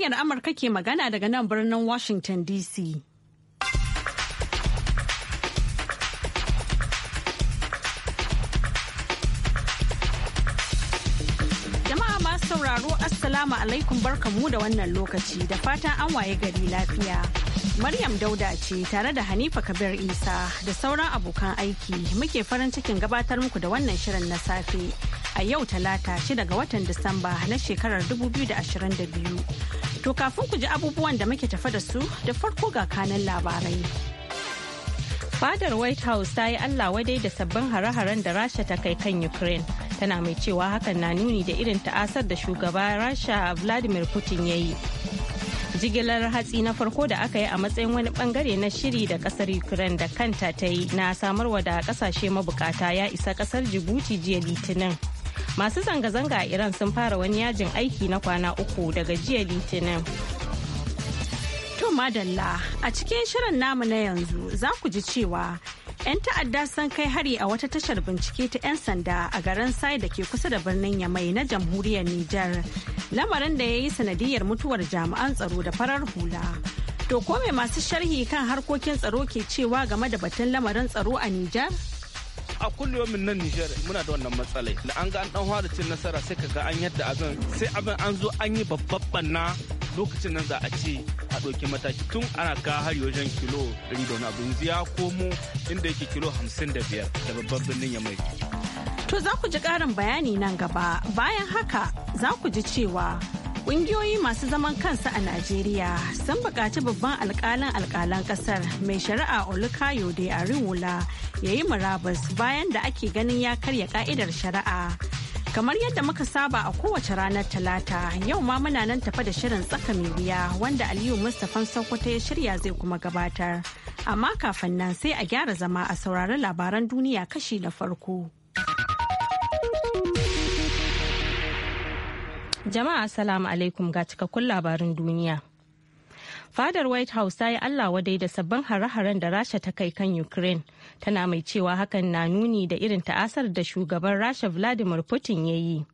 muryar Amurka ke magana daga nan birnin Washington DC. Jama'a masu sauraro Assalamu alaikum barkamu da wannan lokaci da fatan an waye gari lafiya. Maryam Dauda ce tare da Hanifa Kabir Isa da sauran abokan aiki muke farin cikin gabatar muku da wannan shirin na safe. a yau talata 6 ga watan Disamba na shekarar 2022. To kafin ku ji abubuwan da muke tafa da su da farko ga kanan labarai. Fadar White House ta yi Allah wadai da sabbin hare-haren da Rasha ta kai kan Ukraine. Tana mai cewa hakan na nuni da irin ta'asar da shugaba Rasha Vladimir Putin ya yi. Jigilar hatsi na farko da aka yi a matsayin wani bangare na shiri da kasar Ukraine da kanta ta yi na samarwa da kasashe mabukata ya isa kasar Djibouti jiya Litinin. masu zanga-zanga a iran sun fara wani yajin aiki na kwana uku daga jiya litinin to madalla a cikin shirin namu na yanzu za ku ji cewa 'yan ta'adda sun kai hari a wata tashar bincike ta 'yan sanda a garin sai da ke kusa da birnin yamai na jamhuriyar nijar lamarin da ya yi sanadiyar mutuwar jami'an tsaro da farar hula to kome masu sharhi kan harkokin tsaro ke cewa game da batun lamarin tsaro a nijar a min nan Nijar muna da wannan matsalai da an ga an dan fara cin nasara sai kaga an yadda abin sai abin an zo an yi babban na lokacin nan za a ce a ɗauki mataki tun ana ka har wajen kilo ɗari da wani ya komo inda yake kilo hamsin da biyar da babban birnin ya mai. To za ku ji ƙarin bayani nan gaba bayan haka za ku ji cewa Ƙungiyoyi masu zaman kansa a Najeriya sun buƙaci babban alƙalin alƙalan ƙasar mai shari'a Olukayode Ariwola ya yi murabus bayan da ake ganin ya karya ƙa'idar shari'a. Kamar yadda muka saba a kowace ranar Talata, yau ma muna nan tafa da shirin tsaka mai wuya wanda Aliyu Mustapha Sokoto ya shirya zai kuma gabatar. Amma kafin nan sai a gyara zama a saurari labaran duniya kashi na farko. Jama'a salamu alaikum ga cikakkun labarin duniya. Fadar White House ta yi Allah wadai da sabbin hare-haren da Rasha ta kai kan Ukraine, tana mai cewa hakan na nuni da irin ta'asar da shugaban Rasha Vladimir Putin ya yi.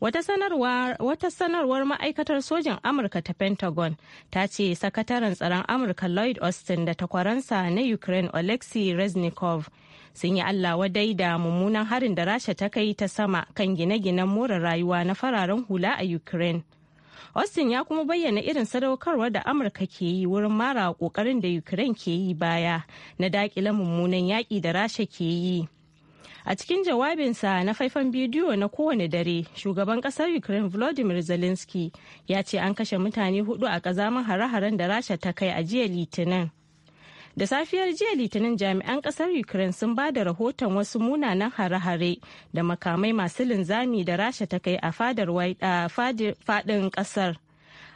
Wata sanarwar ma'aikatar sojin Amurka ta Pentagon ta ce sakataren tsaron Amurka Lloyd Austin da takwaransa na Ukraine Alexei Reznikov sun yi allah wadai da mummunan harin da rasha ta kai ta sama kan gine-ginen more rayuwa na fararen hula a ukraine austin ya kuma bayyana irin sadaukarwar da amurka ke yi wurin mara kokarin da ukraine ke yi baya na dakile mummunan yaƙi da rasha ke yi A cikin jawabinsa na faifan bidiyo na kowane dare, shugaban kasar Ukraine Volodymyr Zelensky ya ce an kashe mutane hudu a kazamin hare-haren da Rasha ta kai a jiya Litinin. Da safiyar jiya Litinin jami'an kasar Ukraine sun ba da rahoton wasu munanan hare-hare da makamai masu linzami da rasha ta kai a fadar fadin kasar.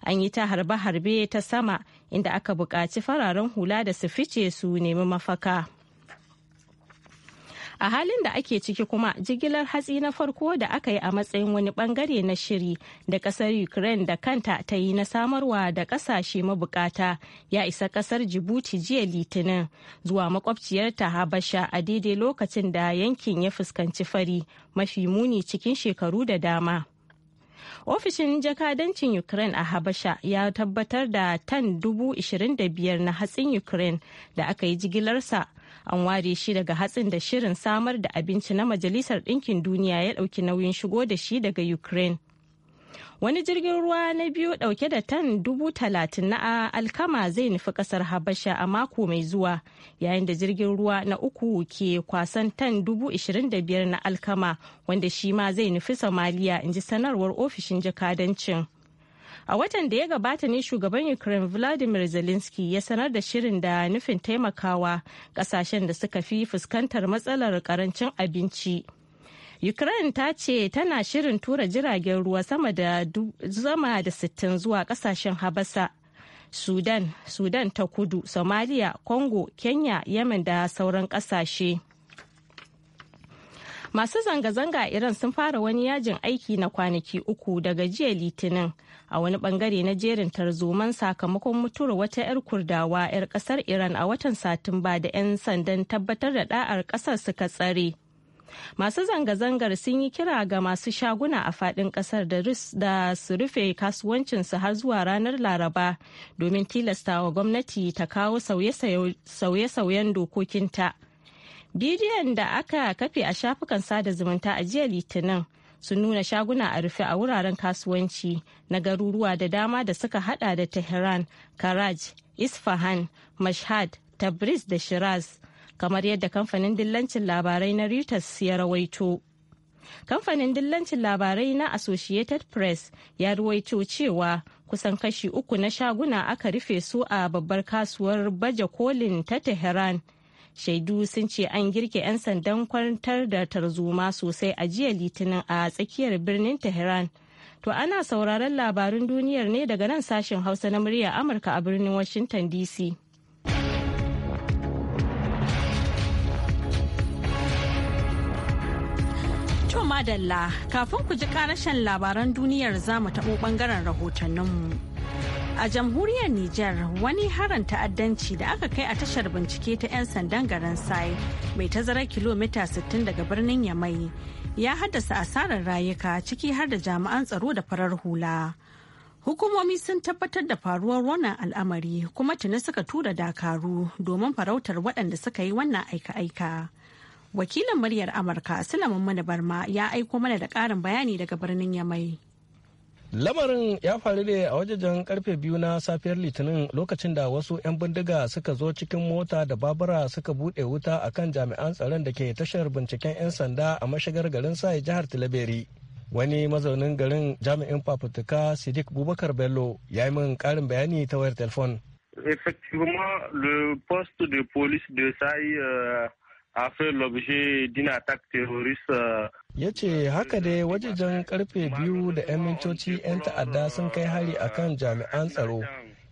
An yi ta harbe-harbe ta sama inda aka buƙaci fararen hula da su fice su nemi mafaka. a halin da ake ciki kuma jigilar hatsi na farko da aka yi a matsayin wani bangare na shiri da kasar ukraine da kanta ta yi na samarwa da kasashe mabukata ya isa kasar jibuti jiya litinin zuwa makwabciyarta habasha a daidai lokacin da yankin ya fuskanci fari mafi muni cikin shekaru da dama ofishin jakadancin ukraine a habasha ya tabbatar da tan 25,000 na hatsin ukraine da aka yi jigilarsa an ware shi daga hatsin da shirin samar da abinci na majalisar ɗinkin duniya ya ɗauki nauyin shigo da shi daga ukraine wani jirgin ruwa na biyu ɗauke da tan dubu talatin na alkama zai nufi ƙasar habasha a mako mai zuwa yayin da jirgin ruwa na uku ke kwasan tan dubu ishirin da biyar na alkama wanda shi ma zai nufi somaliya in ji sanarwar ofishin jakadancin A watan da ya gabata ne shugaban Ukraine Vladimir Zelensky ya sanar da shirin da nufin taimakawa kasashen da suka fi fuskantar matsalar karancin abinci. Ukraine ta ce tana shirin tura jiragen ruwa sama da zama da sittin zuwa kasashen Habasa, Sudan, Sudan ta kudu, Somalia, Congo, Kenya, Yemen da sauran kasashe. Masu zanga-zanga Iran sun fara wani yajin aiki na kwanaki uku daga jiya Litinin. a wani bangare na jerin tarzoman sakamakon mutuwar wata 'yar kurdawa 'yar kasar iran a watan satumba da 'yan sandan tabbatar da da'ar kasar suka tsare masu zanga-zangar sun yi kira ga masu shaguna a fadin kasar da su rufe kasuwancinsu har zuwa ranar laraba domin tilasta wa gwamnati ta kawo sauye-sauyen dokokinta bidiyon da aka kafe a shafukan sada zumunta a jiya litinin sun nuna shaguna a rufe a wuraren kasuwanci na garuruwa da dama da suka hada da tehran karaj isfahan mashhad tabriz da shiraz kamar yadda kamfanin dillancin labarai na reuters ya rawaito kamfanin dillancin labarai na associated press ya rawaito cewa kusan kashi uku na shaguna aka rufe su a babbar kasuwar baje kolin ta tehran shaidu sun ce an girke 'yan sandan kwantar da tarzoma sosai a jiya litinin a tsakiyar birnin tehran to ana sauraron labarin duniyar ne daga nan sashen hausa na murya amurka a birnin washington dc madalla kafin ku ji karashen labaran duniyar zamu taɓo ɓangaren rahotanninmu. A jamhuriyar Nijar wani harin ta'addanci da aka kai a tashar bincike ta 'yan sandan garin Sai mai tazarar kilomita 60 daga birnin Yamai ya haddasa asarar rayuka ciki har da jami'an tsaro da farar hula. Hukumomi sun tabbatar da faruwar wannan al'amari kuma tuni suka tura dakaru domin farautar waɗanda suka yi wannan aika-aika. Wakilin muryar Amurka Sulaiman Mani Barma ya aiko mana da ƙarin bayani daga birnin Yamai. lamarin ya faru ne a wajejen karfe biyu na safiyar litinin lokacin da wasu 'yan bindiga suka zo cikin mota da babura suka bude wuta a kan jami'an tsaron da ke tashar binciken 'yan sanda a mashigar garin sai jihar tilaberi wani mazaunin garin jami'in fafutuka sidik bubakar bello ya yi min karin bayani ta wayar telefon effectivement le poste de police de euh, Afir Lobje Dina Attack Terrorist. Uh, ya ce haka dai wajajen karfe biyu da 'yan mintoci 'yan ta'adda sun kai hari akan jami'an tsaro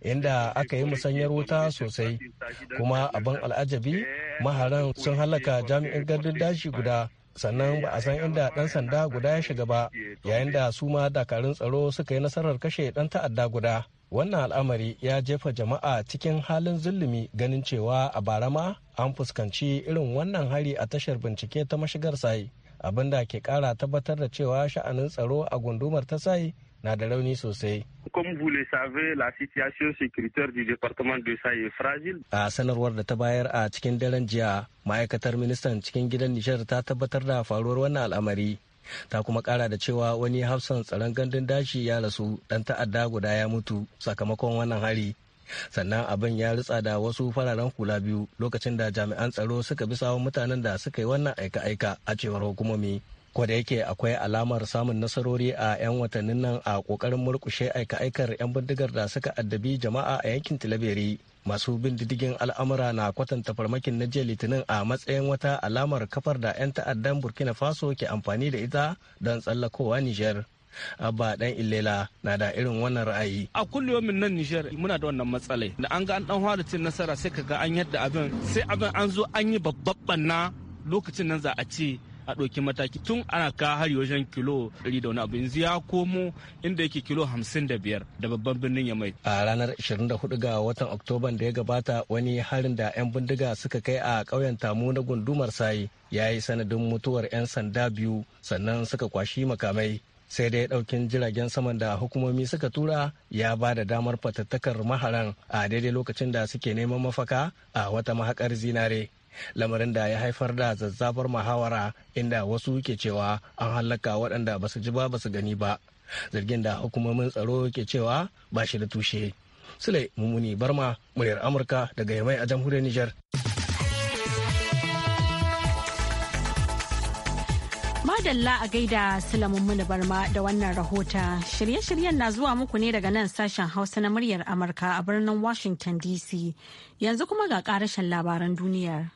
inda aka yi musanyar wuta sosai kuma abin al'ajabi maharan sun halaka jami'in gardin dashi guda sannan ba a san inda ɗan sanda guda ya shiga ba yayin da su ma dakarun tsaro suka yi nasarar kashe ɗan ta'adda guda wannan al'amari ya jefa jama'a cikin halin zulumi ganin cewa a bara ma an fuskanci irin wannan hari a tashar bincike ta mashigar sai abinda ke kara tabbatar da cewa sha'anin tsaro a gundumar ta sai na da rauni sosai. Comme vous le savez, la situation sécuritaire du département de est A sanarwar da ta bayar a cikin daren jiya, ma'aikatar ministan cikin gidan Nijar ta tabbatar da faruwar wannan al'amari ta kuma kara da cewa wani hafsan tsaron gandun dashi ya rasu dan ta'adda guda ya mutu sakamakon wannan hari sannan abin ya ritsa da wasu fararen hula biyu lokacin da jami'an tsaro suka bi sawon mutanen da suka yi wannan aika-aika a cewar hukumomi ko da yake akwai alamar samun nasarori a 'yan watannin nan a kokarin murkushe aika-aikar 'yan bindigar da suka addabi jama'a a yankin tilaberi masu bin diddigin al'amura na kwatanta farmakin na jiya litinin a matsayin wata alamar kafar da 'yan ta'addan burkina faso ke amfani da ita don tsallakowa nijar abba dan illela na da irin wannan ra'ayi a kullumin nan nijar muna da wannan matsalai da an ga an dan fara cin nasara sai ka ga an yadda abin sai abin an zo an yi babban na lokacin nan za a ce a ɗauki mataki tun ana ka har wajen kilo ɗari da wani abu yanzu ya komo inda yake kilo hamsin da biyar da babban birnin ya mai. a ranar 24 ga watan oktoban da ya gabata wani harin da 'yan bindiga suka kai a ƙauyen tamu na gundumar sayi ya yi sanadin mutuwar 'yan sanda biyu sannan suka kwashi makamai sai dai ɗaukin jiragen saman da hukumomi suka tura ya ba da damar fatattakar maharan a daidai lokacin da suke neman mafaka a wata mahakar zinare lamarin da ya haifar da zazzafar muhawara inda wasu ke cewa an hallaka waɗanda ba su ji ba ba su gani ba zargin da hukumomin tsaro ke cewa ba shi da tushe sule mummuni barma muryar amurka daga yamai a jamhuriyar niger madalla a gaida sulamun barma da wannan rahota shirye-shiryen na zuwa muku ne daga nan sashen hausa na muryar amurka a birnin washington dc yanzu kuma ga karashen labaran duniyar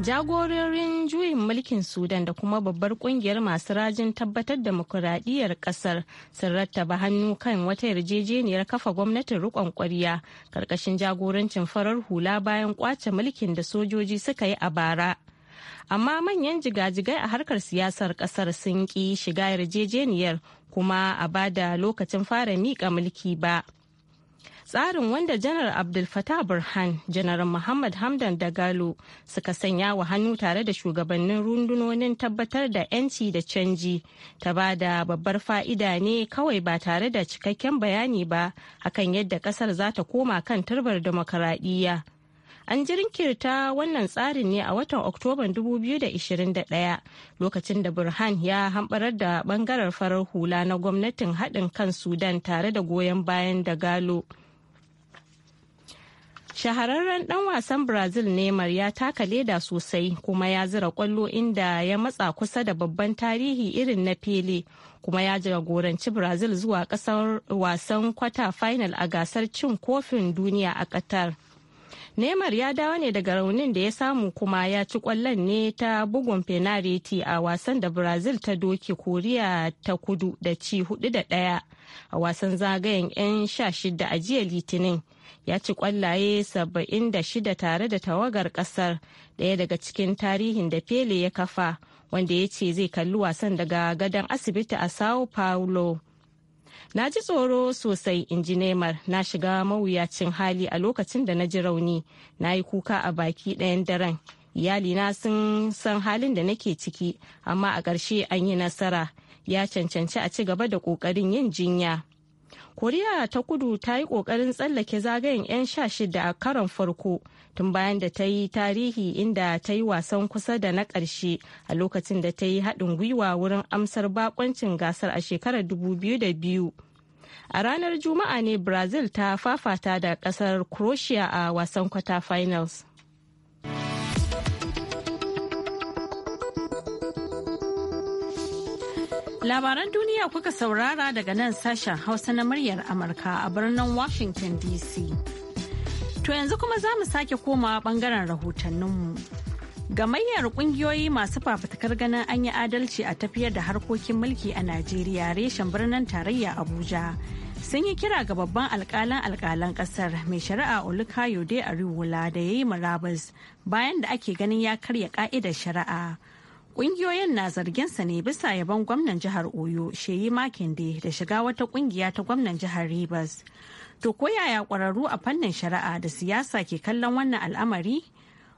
jagororin juyin mulkin sudan da kuma babbar kungiyar masu rajin tabbatar da demokuraɗiyyar ƙasar sun rattaba hannu kan wata yarjejeniyar kafa gwamnatin rikon ƙwarya ƙarƙashin jagorancin farar hula bayan kwace mulkin da sojoji suka yi a bara amma manyan jigajigai a harkar siyasar ƙasar sun ƙi shiga yarjejeniyar kuma a bada lokacin fara miƙa mulki ba. tsarin wanda janar abdul fatah burhan janar muhammad hamdan dagalo suka sanya wa hannu tare da shugabannin rundunonin tabbatar da 'yanci da canji ta ba da babbar fa'ida ne kawai ba tare da cikakken bayani ba hakan yadda kasar za ta koma kan turbar demokaradiyya an jirkirta wannan tsarin ne a watan oktoban 2021 lokacin da burhan ya hambarar da bangarar farar hula na gwamnatin haɗin kan sudan tare da goyon bayan da galo shahararren dan wasan brazil neymar ya taka leda sosai kuma ya zira kwallo inda ya matsa kusa da babban tarihi irin na pele kuma ya jagoranci brazil zuwa kasar wasan kwata final a gasar cin kofin duniya a qatar neymar ya dawo ne daga raunin da ya samu kuma ya ci kwallon ne ta bugun penariti a wasan da brazil ta doke koriya ta kudu da ci hudu da daya a wasan zagayen 'yan sha shida a jiya litinin ya ci kwallaye 76 tare da tawagar kasar daya daga cikin tarihin da pele ya kafa wanda ya ce zai kalli wasan daga gadon asibiti a sao paulo na ji tsoro sosai in ji neymar na shiga mawuyacin hali a lokacin da na ji rauni na yi kuka a baki ɗayan daren iyalina sun san halin da nake ciki amma a ƙarshe an yi nasara ya cancanci a ci gaba da ƙoƙarin yin jinya koriya ta kudu ta yi kokarin tsallake zagayen 'yan sha shida a karon farko tun bayan da ta yi tarihi inda ta yi wasan kusa da na ƙarshe a lokacin da ta yi haɗin gwiwa wurin amsar bakoncin gasar a shekarar 2002 a ranar juma'a ne brazil ta fafata da ƙasar croatia a wasan kwata finals Labaran duniya kuka saurara daga nan sashen Hausa na muryar Amurka a birnin Washington DC. To yanzu kuma za mu sake komawa bangaren rahotanninmu. Gamayyar kungiyoyi masu fafutukar ganin an yi adalci a tafiyar da harkokin mulki a Najeriya reshen birnin tarayya Abuja. Sun yi kira ga babban alkalan alkalan kasar mai shari'a Olukayode Ariwola da ya yi murabus bayan da ake ganin ya karya ka'idar shari'a. Ƙungiyoyin na zarginsa ne bisa yaban gwamnan jihar Oyo Sheyi Makinde da shiga wata ƙungiya ta gwamnan jihar Rivers. To ko yaya ƙwararru a fannin shari'a da siyasa ke kallon wannan al'amari?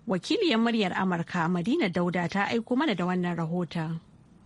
Wakiliyar muryar Amurka Madina Dauda ta aiko mana da wannan rahoton.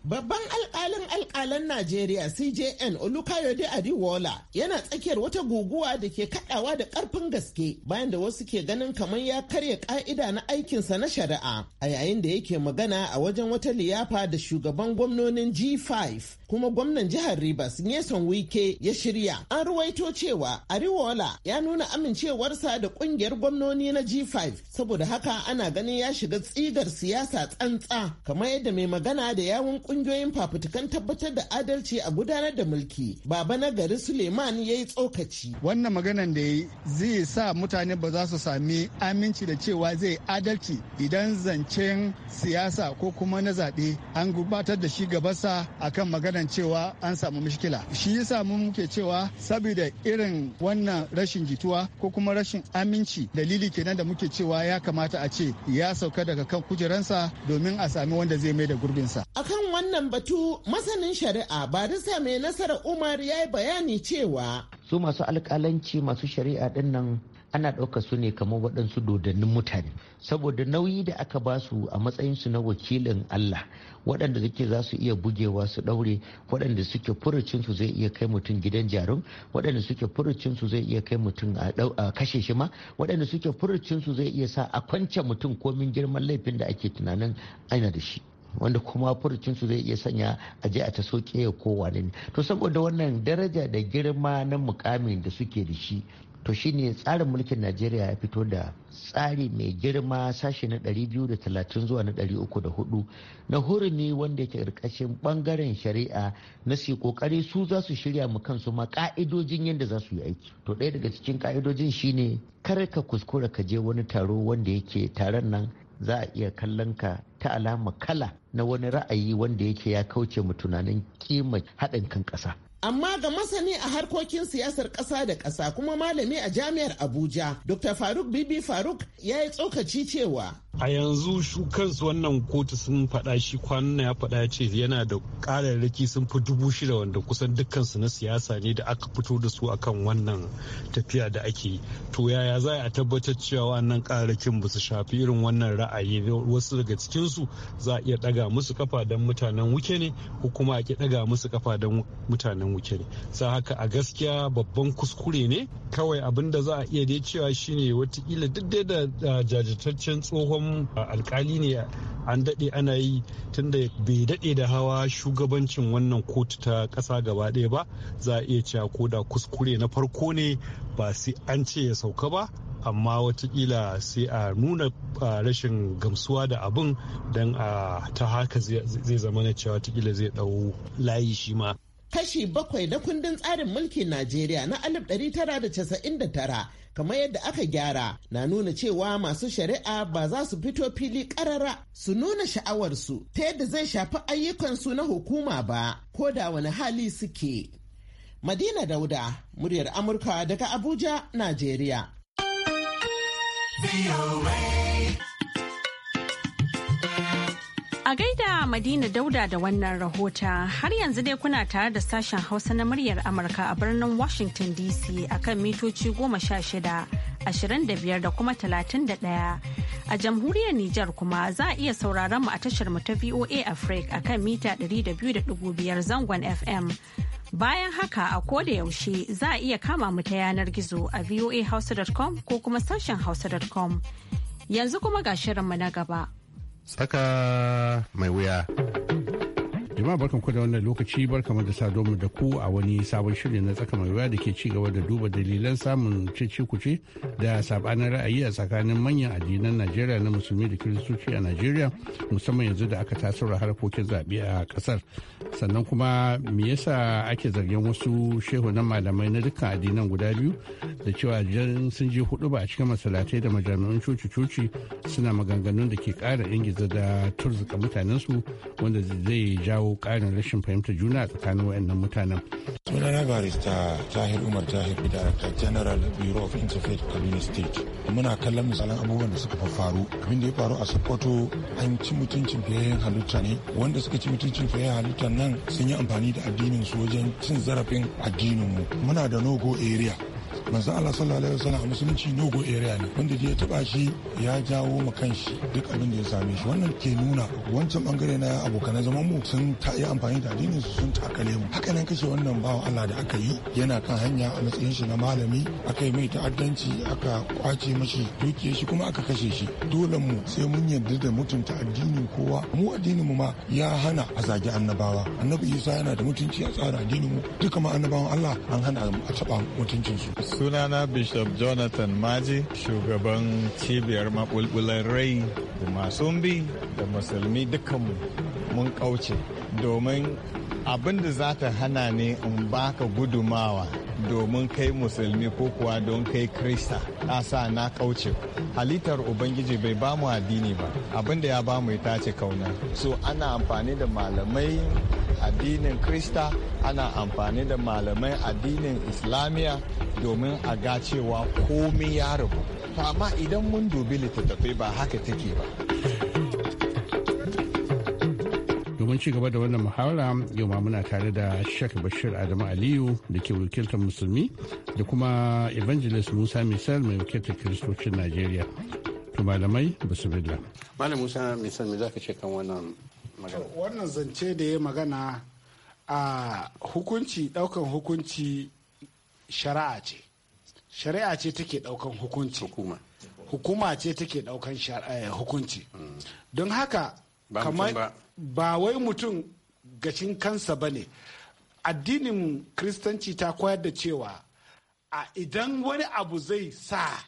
Babban alkalin alkalan Najeriya CJN Olukayode Adiwola yana tsakiyar wata guguwa da ke kaɗawa da ƙarfin gaske bayan da wasu ke ganin kamar ya karya ƙa'ida na aikinsa na shari'a a yayin da yake magana a wajen wata liyafa da shugaban gwamnonin G5 kuma gwamnan jihar Rivers Nyesom Wike ya shirya. An ruwaito cewa Ariwola ya nuna amincewarsa da kungiyar gwamnoni na G5 saboda haka ana ganin ya shiga tsigar siyasa tsantsa kamar yadda mai magana da yawun kungiyoyin fafutukan tabbatar da adalci a gudanar da mulki baba na gari Suleiman ya yi tsokaci. Wannan maganan da ya zai sa mutane ba za su sami aminci da cewa zai adalci idan zancen siyasa ko kuma na zaɓe an gubatar da shi gabasa akan magana maganan cewa an samu mishkila shi yasa mun muke cewa saboda irin wannan rashin jituwa ko kuma rashin aminci dalili kenan da muke cewa ya kamata a ce ya sauka daga kan kujeransa domin a sami wanda zai mai da gurbinsa akan wannan batu masanin shari'a ba barista mai nasarar umar ya yi bayani cewa su masu alkalanci masu shari'a din ana ɗauka su ne kamar waɗansu dodannin mutane saboda nauyi da aka ba su a matsayinsu na wakilin Allah waɗanda suke za su iya bugewa su ɗaure waɗanda suke furucinsu zai iya kai mutum gidan jarum waɗanda suke furucinsu zai iya kai mutum a kashe shi ma waɗanda suke furucinsu zai iya sa a kwance mutum komin girman laifin da ake tunanin aina da shi wanda kuma furucinsu zai iya sanya a je a ta soke ya kowa ne to saboda wannan daraja da girma na mukamin da suke da shi to shine tsarin mulkin najeriya ya fito da tsari mai girma sashe na 230 zuwa na 304 na hurumi wanda yake karkashin bangaren shari'a na su kokari su za su shirya mu kansu ma ka'idojin yadda za su yi aiki to ɗaya daga cikin ka'idojin shine kar ka kuskura ka je wani taro wanda yake taron nan za a iya kallon ka ta alama kala na wani ra'ayi wanda yake ya kauce mu tunanin kima haɗin kan ƙasa amma ga masani a harkokin siyasar ƙasa da ƙasa kuma malami a jami'ar abuja dr faruk bibi faruk ya yi tsokaci cewa a yanzu shu kansu wannan kotu sun faɗa shi kwanan ya faɗa ya ce yana da ƙararraki sun fi dubu shida wanda kusan dukkansu na siyasa ne da aka fito da su akan wannan tafiya da ake to yaya za a tabbatar cewa wannan ƙararrakin ba su shafi irin wannan ra'ayi wasu daga cikinsu za a iya ɗaga musu kafa don mutanen wuke ne ko kuma a ke ɗaga musu kafa don mutanen wuke ne sa haka a gaskiya babban kuskure ne kawai abin da za a iya dai cewa shine watakila duk da jajirtaccen tsohon idan alkali ne an daɗe ana yi tunda bai daɗe da hawa shugabancin wannan kotu ta ƙasa gaba ɗaya ba za a iya cewa ko da kuskure na farko ne ba sai an ce ya sauka ba amma watakila sai a nuna rashin gamsuwa da abin don ta haka zai zama na cewa watakila zai ɗau layi shi ma kashi bakwai na kundin tsarin mulkin Najeriya na 1999 kamar yadda aka gyara na nuna cewa masu shari'a ba za su fito fili karara su nuna sha'awarsu ta yadda zai shafi ayyukansu na hukuma ba ko da wani hali suke. Madina Dauda, muryar Amurka daga Abuja, Najeriya. A gaida Madina Dauda da wannan rahota har yanzu dai kuna tare da sashen Hausa na muryar Amurka a birnin Washington DC akan mitoci goma sha shida, ashirin da biyar da kuma talatin da ɗaya. A jamhuriyar Nijar kuma za a iya sauraron mu a tashar mu ta VOA Africa akan mita biyar zangon FM. Bayan haka a koda yaushe za a iya kama mu ta yanar gizo a voahausa.com ko kuma sashen hausa.com. Yanzu kuma ga shirinmu na gaba. saka mai wuya. jama'a barkan ku da wannan lokaci barkamu da sa domin da ku a wani sabon shirin na tsaka mai wuya da ke ci gaba da duba dalilan samun cece kuce da sabanin ra'ayi a tsakanin manyan addinan najeriya na musulmi da kiristoci a najeriya musamman yanzu da aka tasura harkokin zaɓe a kasar. sannan kuma me yasa ake zargin wasu shehu na malamai na dukkan addinan guda biyu da cewa sun je hudu ba a cikin masalatai da majami'un coci-coci suna maganganun da ke kara ingiza da turzuka mutanensu wanda zai jawo kawo ƙarin rashin fahimtar juna tsakanin wayannan mutanen. sunana barista tahir umar tahir director general bureau of interfaith kaduna state muna kallon misalan abubuwan da suka faru abin da ya faru a sokoto an ci mutuncin fiyayyen halitta ne wanda suka ci mutuncin fiyayyen halitta nan sun yi amfani da addinin su wajen cin zarafin addinin mu muna da nogo area manzo Allah sallallahu alaihi wasallam a musulunci nogo area ne wanda ya taba shi ya jawo ma kanshi duk abin da ya same shi wannan ke nuna wancan bangare na abokan zaman mu sun ta yi amfani da addinin su sun takale mu haka nan kashe wannan bawan Allah da aka yi yana kan hanya a matsayin shi na malami aka yi mai ta'addanci aka kwace mashi dukiyar shi kuma aka kashe shi dole mu sai mun yarda da mutunta addinin kowa mu addinin mu ma ya hana a zagi annabawa annabi Isa yana da mutunci a tsara addinin mu duka ma annabawan Allah an hana a taba mutuncin su sunana bishop jonathan maji shugaban cibiyar maɓulɓular rai da masu da musulmi dukkanmu mun kauce domin abin da za ta hana ne in baka gudumawa domin kai musulmi ko kuwa don kai krista sa na kauce halittar ubangiji bai bamu addini ba abin da ya bamu ita tace kauna so ana amfani da malamai addinin krista ana amfani da malamai addinin Islamiyya domin a ga cewa komi ya rabu amma idan mun dubi littattafai ba haka take ba domin ci gaba da wannan muhawara yau ma muna tare da shek bashir adamu aliyu da ke wakiltar musulmi da kuma evangelist musa misal mai wakiltar kiristocin najeriya to malamai bismillah malam musa misal me zaka ce kan wannan wannan zance da ya magana a hukunci daukan hukunci shari'a ce shari'a ce take daukan hukunci hukuma hukuma ce take daukan eh, hukunci mm. don haka kamar ba wai mutum gashin kansa ba ne addinin kristanci ta koyar da cewa a idan wani abu zai sa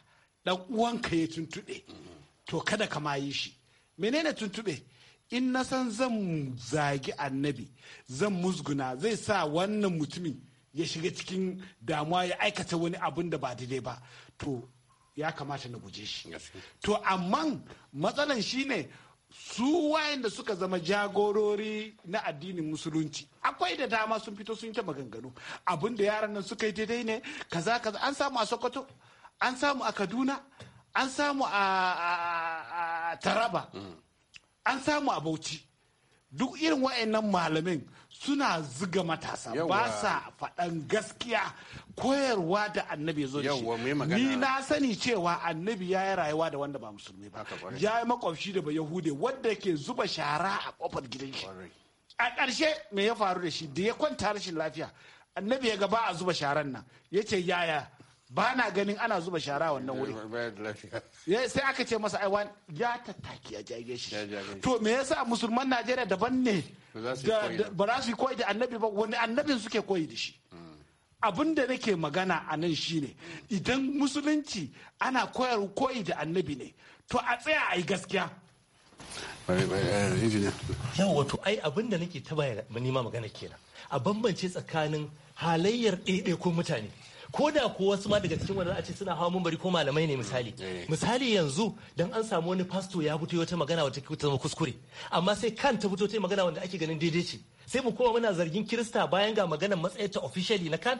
dan uwanka ya tuntuɓe mm. to kada ka ma yi shi menene tuntuɓe in na san zan zagi annabi zan musguna zai sa wannan mutumin ya shiga cikin damuwa ya aikata wani abin da ba daidai ba to ya kamata na guje shi to amma matsalan shine su da suka zama jagorori na addinin musulunci akwai da dama sun fito sun ta maganganu abin da yaran nan suka yi daidai ne kaza kaza an samu a sokoto an samu a kaduna an samu a taraba mm. an samu a duk irin wa'annan malamin suna ziga matasa ba sa faɗan gaskiya koyarwa da annabi zo ni na sani cewa annabi ya yi rayuwa da wanda ba musulmi ba ya yi makwabci da ba yahude wanda ke zuba shara a kofar gidan shi a ƙarshe me ya faru da shi da ya kwanta rashin lafiya annabi ya gaba a zuba sharan nan ya ce yaya ba na ganin ana zuba shara wannan wuri eh, sai aka ce masa aiwan ya tattaki a jage shi to me yasa musulman najeriya daban ne ba za su yi koyi da annabi ba wani annabin suke koyi da shi abin da nake magana a nan shine idan musulunci ana koyar koyi da annabi ne to a tsaya a yi gaskiya eh, yau wato ai abin da nake ta ya nima magana kenan a bambance tsakanin halayyar ɗaiɗaikun mutane ko da ko wasu ma daga cikin wanda a ce suna hawa mambari ko malamai ne misali eh. misali yanzu dan an samu wani pasto ya fito wata magana wata zama kuskure amma sai kan ta fito ta magana wanda ake ganin daidai ce sai mu koma muna zargin kirista bayan ga maganar matsayar ta officially na kan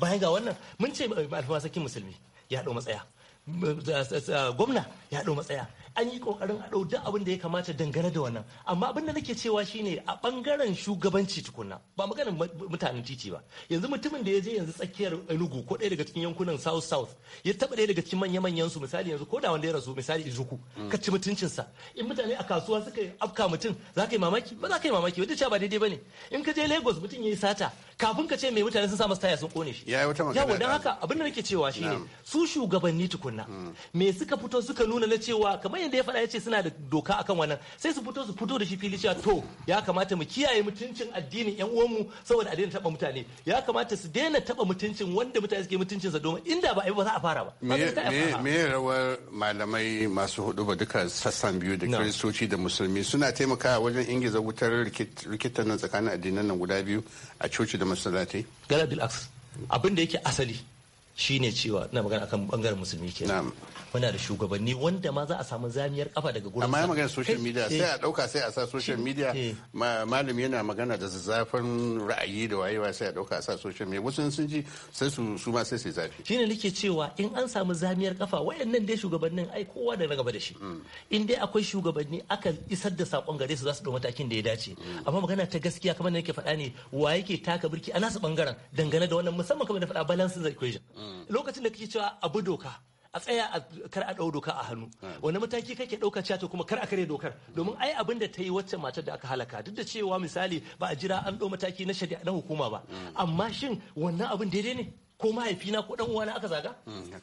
bayan ga wannan mun ce eh, sakin musulmi ya dau matsaya eh, gwamna ya dau matsaya an yi kokarin a duk abin da ya kamata dangane da wannan amma abin da nake cewa shine a bangaren shugabanci tukunna ba maganar mutanen titi ba yanzu mutumin da ya je yanzu tsakiyar Enugu ko ɗaya daga cikin yankunan South South ya taba ɗaya daga cikin manya manyan su misali yanzu ko da wanda ya rasu misali Izuku ka ci mutuncin sa in mutane a kasuwa suka afka mutum za ka yi mamaki ba za ka yi mamaki wanda cewa ba daidai bane in ka je Lagos mutum ya yi sata kafin ka ce mai mutane sun sa masa taya sun kone shi yayi wata yawa dan haka abin da nake cewa shine su shugabanni tukunna mm. me suka fito suka nuna na cewa kamar da ya faɗa ya ce suna da doka akan wannan sai su fito su fito da shi fili cewa to ya kamata mu kiyaye mutuncin addinin yan uwanmu saboda a daina taɓa mutane ya kamata su daina taɓa mutuncin wanda mutane suke mutuncin sa domin inda ba a yi ba za a fara ba. me rawar malamai masu hudu ba duka sassan biyu da kiristoci da musulmi suna taimakawa wajen ingiza wutar rikitan nan tsakanin addinan nan guda biyu a coci da masallatai. galadul aks abin da yake asali shine cewa ina magana akan bangaren musulmi ke. muna da shugabanni wanda ma za a samu zamiyar kafa daga gurin amma magana social media eh. sai a dauka sai a sa social media eh. malami yana magana da zafin ra'ayi da wayewa sai a dauka a sa social media wasu sun ji sai su su ma sai su zafi shine nake cewa in an samu zamiyar kafa wayannan dai shugabannin ai kowa da gaba da shi mm. in dai akwai shugabanni akan isar da sakon gare su za su dau matakin da ya dace mm. amma magana ta gaskiya kamar nake faɗa ne wa yake taka birki a nasu bangaren dangane da wannan musamman kamar da faɗa balance equation mm. lokacin da kake cewa abu doka a tsaya kar a ɗau doka a hannu wani mataki kake dauka cewa kuma kar a kare dokar domin ai abin da ta yi wacce matar da aka halaka duk da cewa misali ba a jira an ɗau mataki na shari'a na hukuma ba mm. amma shin wannan abin daidai ne ko mahaifina ko dan uwana aka zaga mm,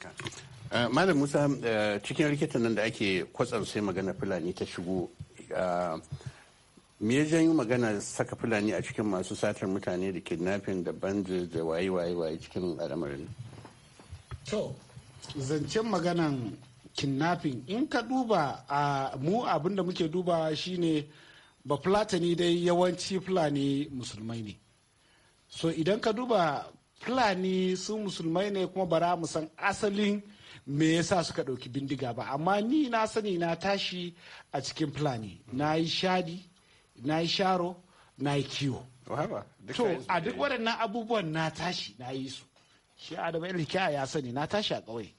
eh, malam musa eh, cikin rikitan nan da ake kwatsam sai magana fulani ta shigo eh, me ya janyo magana saka fulani a cikin masu satar mutane da kidnapping da bandit da waye waye waye cikin al'amarin to zancen maganan kidnapping in ka duba a mu abin da muke duba shine ba fulatani dai yawanci fulani musulmai ne so idan ka duba fulani su musulmai ne kuma bara mu san asalin me yasa suka ɗauki bindiga ba amma ni na sani na tashi a cikin fulani na yi shadi na yi sharo na yi kiwo to a duk waɗannan abubuwan na tashi na yi su shi adamu ilkiya ya sani na tashi a ƙauye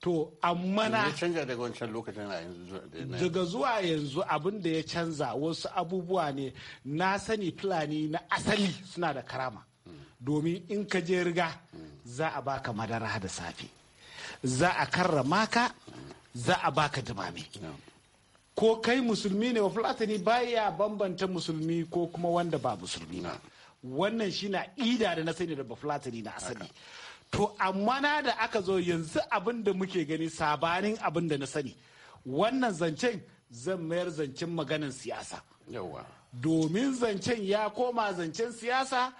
to amma na canza daga wancan lokacin a yanzu daga zuwa yanzu abin da ya canza wasu abubuwa ne na sani fulani na asali suna da karama domin in ka je riga za a baka madara da safe za a karrama ka za a baka dumame ko kai musulmi ne wa fulatani baya bambanta musulmi ko kuma wanda ba musulmi ba wannan shi na ida da na sani da ba fulatani na asali to amma na da aka zo yanzu abin da muke gani sabanin abin da na sani wannan zancen zan mayar zancen maganan siyasa domin zancen ya koma zancen siyasa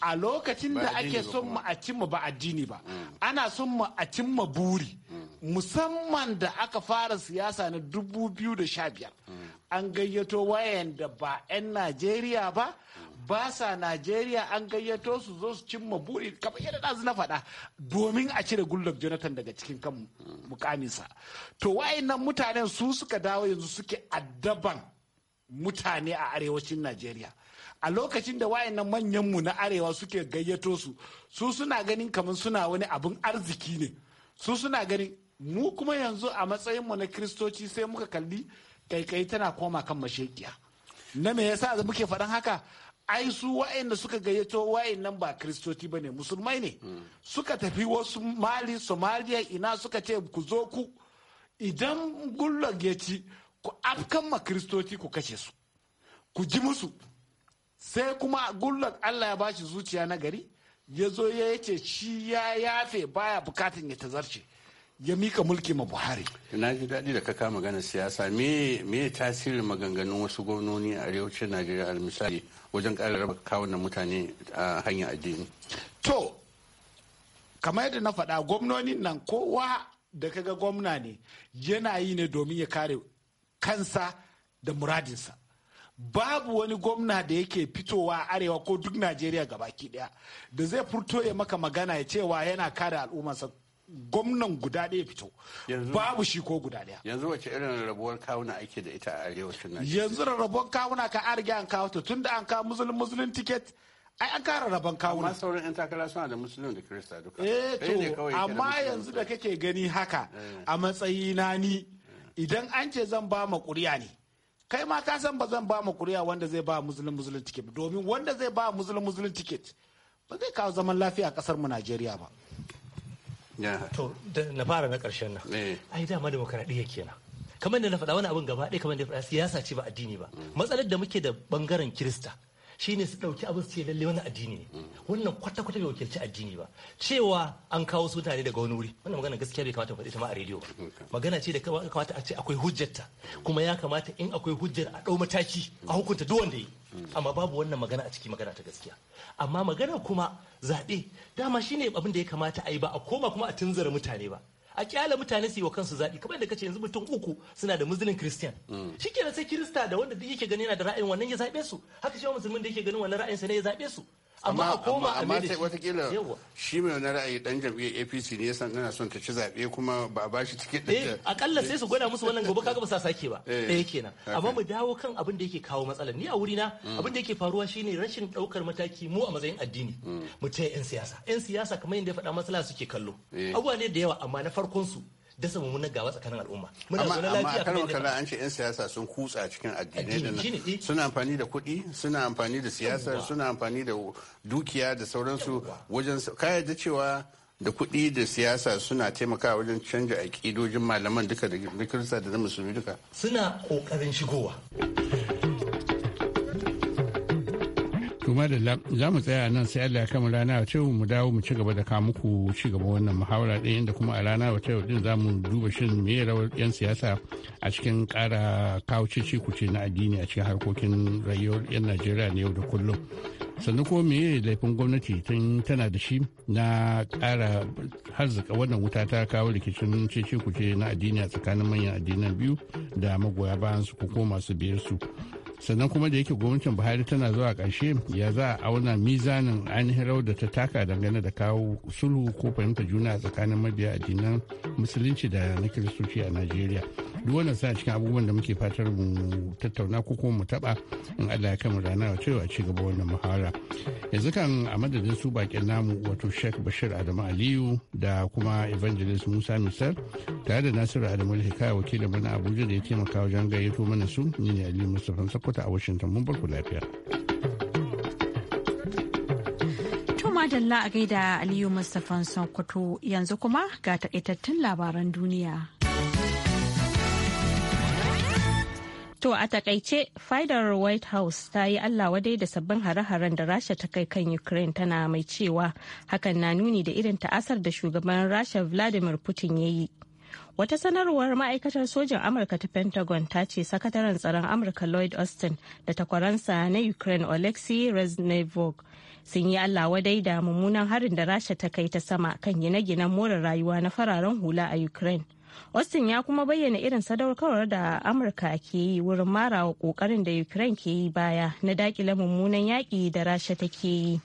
a lokacin da ake son mu a cimma ba addini ba mm. ana son mu a cimma buri mm. musamman da aka fara siyasa na 2015 mm. an gayyato wayanda ba 'yan najeriya ba ba sa najeriya an gayyato su zo su cimma buri kamar yadda ɗazu na faɗa domin a cire gullok jonathan daga cikin kan mukaminsa to wa'annan mutanen su suka dawo yanzu suke addaban mutane a arewacin najeriya a lokacin da wayannan manyanmu na arewa suke gayyato su su suna ganin kamar suna wani abin arziki ne su suna ganin mu kuma yanzu a matsayinmu na kristoci sai muka kalli kaikai tana koma kan mashekiya na me yasa muke faɗan haka ai su wa'anda suka gayyato nan ba kristoci ne musulmai ne suka tafi wasu mali somaliya ina suka ce ku zo ku idan gullog ya ci ku afkan ma kristoci ku kashe su ku ji musu sai kuma gullog allah ya bashi zuciya na gari ya zo ya ce shi ya yafe baya bukatan ya tazarce ya mika mulki ma buhari na ji daɗi da ka kama gana siyasa me me tasirin maganganun wasu gwamnoni a arewacin najeriya al misali wajen ƙara raba kawunan mutane a hanyar addini to kamar yadda na faɗa gwamnonin nan kowa da kaga gwamna ne yana yi ne domin ya kare kansa da muradinsa babu wani gwamna da yake fitowa arewa ko duk najeriya gabaki daya da zai furto ya maka magana ya cewa yana kare al'ummarsa gwamnan guda ɗaya fito babu shi ko guda ɗaya yanzu wace irin rabuwar kawuna ake da ita a arewacin najeriya yanzu rabuwar kawuna ka an riga an kawo ta tunda an kawo musulun musulun ticket ai an kara rabon kawuna amma sauran yan takara suna da musulun da kirista duka eh to amma yanzu da kake gani haka eh. a matsayi na ni idan an ce zan ba ma ƙuri'a ne kai ma ka san ba zan ba ma ƙuri'a wanda zai ba musulun musulun ticket domin wanda zai ba musulun musulun ticket ba zai kawo zaman lafiya a kasar mu Najeriya ba to na fara na karshen nan ai dama demokaradiyya kenan kamar da na faɗa wani abin gaba ɗaya kamar da faɗa siyasa ce ba addini ba mm. matsalar da muke da bangaren kirista shine su ɗauki abin su ce lalle wani addini ne mm. wannan kwata kwata bai wakilci addini ba cewa an kawo su mutane daga wani wuri wannan magana gaskiya bai kamata faɗi ta ma a rediyo magana ce da kamata a ce akwai hujjarta kuma ya kamata in akwai hujjar a ɗau mataki a hukunta duk wanda yi amma babu wannan magana a ciki magana ta gaskiya amma magana kuma zaɓe dama shine abin da ya kamata a yi ba a koma kuma a tunzara mutane ba a kyala mutane su yi wa kansu zaɓe kamar yadda kace yanzu mutum uku suna da musulun christian mm. shikenan sai kirista da wanda duk yake gani yana da ra'ayin wannan ya zaɓe su haka shi musulmin da yake ganin wannan ra'ayin sa ne ya zaɓe su amma a koma a amma sai watakila shi mai wani ra'ayi dan jam'iyyar apc ne ya tana son ta ci zaɓe kuma ba ba bashi tiket ɗin eh, ta akalla sai su gwada musu wannan gobe kaga ba sa sake ba eh. ɗaya kenan amma mu dawo kan abin da yake kawo matsalar ni a wuri na mm. abin da yake faruwa shine rashin ɗaukar mataki mu a matsayin addini mm. mu ta yan siyasa yan siyasa kamar yadda ya faɗa matsala suke kallo eh. abubuwa ne da yawa amma na farkon su dasa mummunan gawa tsakanin al'umma amma kan an ce yan siyasa sun kutsa cikin addinai da eh. suna amfani da kuɗi suna amfani da siyasa suna amfani da dukiya da sauransu wajen kaya da cewa da kuɗi da siyasa suna taimakawa wajen canja aƙidojin malaman duka da kirista da na musulmi duka suna ƙoƙarin shigowa To da za mu tsaya nan sai Allah ya kama rana a cewa mu dawo mu ci gaba da muku ci gaba wannan muhawara ɗaya inda kuma a rana wata din za mu duba shin me rawar 'yan siyasa a cikin ƙara kawo cici ce na addini a cikin harkokin rayuwar 'yan Najeriya na yau da kullum. Sannan ko me laifin gwamnati tun tana da shi na ƙara harzika wannan wuta ta kawo rikicin cici ce na addini a tsakanin manyan addinan biyu da magoya bayan su ko masu biyar su. sannan kuma da yake gwamnatin buhari tana zuwa ƙarshe ya za a auna mizanin ainihin rawar da ta taka dangane da kawo sulhu ko fahimta juna a tsakanin mabiya addinan musulunci da na kiristoci a najeriya duk wannan sa cikin abubuwan da muke fatar mu tattauna ko kuma mu taba in Allah ya kama rana cewa ci gaba wannan muhawara yanzu kan a madadin su bakin namu wato Sheikh Bashir Adamu Aliyu da kuma Evangelist Musa Misal tare da Nasiru Adamu Hikaya wakilin mu na Abuja da ya taimaka wajen gayyato mana su ni ne Aliyu Mustafa Sokoto a Washington mun barku lafiya. madalla a gaida Aliyu mustafan Sokoto yanzu kuma ga takaitattun labaran duniya. To a takaice, fadar White House ta yi Allah wadai da sabbin hare-haren da Rasha ta kai kan Ukraine tana mai cewa hakan na nuni da irin ta'asar da shugaban Rasha Vladimir Putin ya yi. Wata sanarwar ma'aikatar sojin Amurka ta Pentagon ta ce sakataren tsaron Amurka Lloyd Austin da takwaransa na Ukraine Oleksiy Reznevog sun yi Allah wadai da mummunan harin da Rasha ta kai ta sama kan gine-ginen more rayuwa na fararen hula a Ukraine. austin ya kuma bayyana irin sadaukarwar da amurka ke yi wurin marawa kokarin da ukraine ke yi baya na dakile mummunan yaƙi da rasha take yi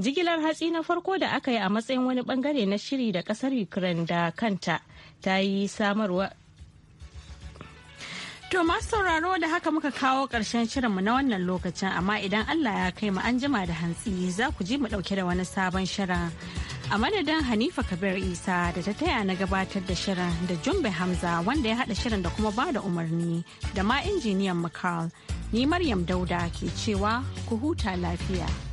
jigilar hatsi na farko da aka yi a matsayin wani bangare na shiri da kasar ukraine da kanta ta yi samarwa To masu sauraro da haka muka kawo ƙarshen shirinmu na wannan lokacin amma idan Allah ya kai mu an jima da hantsi za ku ji mu ɗauke da wani sabon shirin. a madadin hanifa kabir isa da ta taya na gabatar da shirin da jumbe hamza wanda ya haɗa shirin da kuma ba da umarni da ma injiniyan makal ni maryam dauda ke cewa ku huta lafiya.